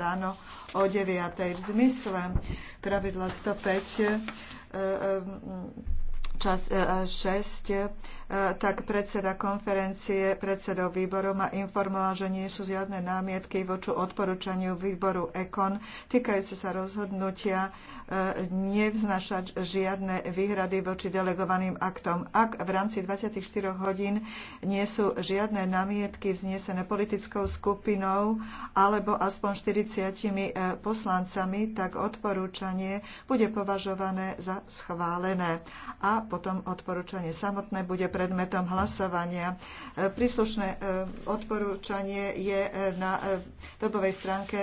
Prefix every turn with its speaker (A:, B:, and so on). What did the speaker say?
A: ráno o 9. v zmysle pravidla 105 čas 6, e, e, e, tak predseda konferencie predsedov výboru ma informoval, že nie sú žiadne námietky voči odporúčaniu výboru EKON týkajúce sa rozhodnutia nevznašať žiadne výhrady voči delegovaným aktom. Ak v rámci 24 hodín nie sú žiadne námietky vznesené politickou skupinou alebo aspoň 40 poslancami, tak odporúčanie bude považované za schválené. A potom odporúčanie samotné bude predmetom hlasovania. E, príslušné e, odporúčanie je e, na webovej stránke